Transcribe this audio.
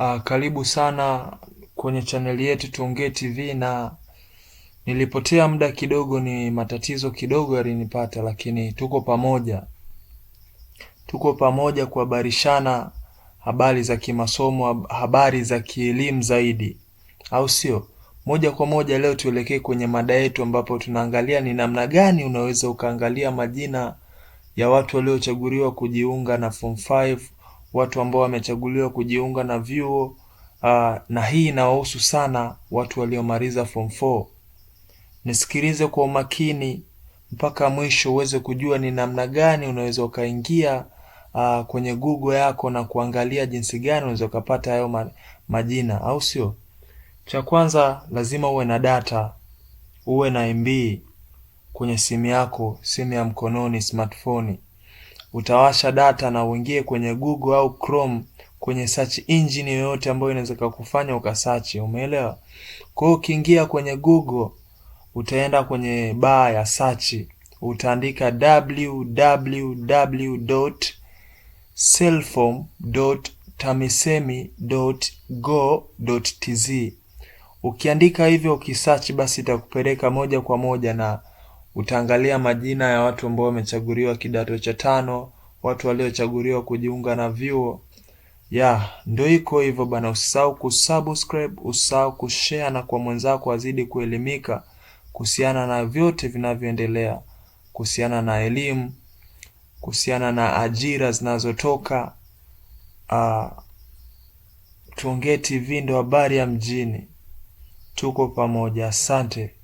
Uh, karibu sana kwenye chaneli yetu Tuongee TV, na nilipotea muda kidogo, ni matatizo kidogo yalinipata, lakini tuko pamoja, tuko pamoja kuhabarishana habari za kimasomo, habari za kielimu zaidi, au sio? Moja kwa moja leo tuelekee kwenye mada yetu, ambapo tunaangalia ni namna gani unaweza ukaangalia majina ya watu waliochaguliwa kujiunga na form watu ambao wamechaguliwa kujiunga na vyuo uh, na hii inawahusu sana watu waliomaliza form 4. Nisikilize kwa umakini mpaka mwisho uweze kujua ni namna gani unaweza ukaingia uh, kwenye Google yako na kuangalia jinsi gani unaweza ukapata hayo majina, au sio? Cha kwanza lazima uwe na data, uwe na MB kwenye simu yako, simu ya mkononi smartphone utawasha data na uingie kwenye Google au Chrome kwenye search engine yoyote ambayo inaweza kukufanya ukasachi, umeelewa? Kwa hiyo ukiingia kwenye Google utaenda kwenye baa ya search, utaandika www.selform.tamisemi.go.tz. Ukiandika hivyo ukisearch, basi itakupeleka moja kwa moja na Utaangalia majina ya watu ambao wamechaguliwa kidato cha tano, watu waliochaguliwa kujiunga na vyuo. Ya, ndo iko hivyo bana, usisahau kusubscribe, usisahau kushare na kwa mwenzako azidi kuelimika kuhusiana na vyote vinavyoendelea, kuhusiana na elimu, kuhusiana na ajira zinazotoka. Uh, Tuongee TV ndo habari ya mjini. Tuko pamoja, asante.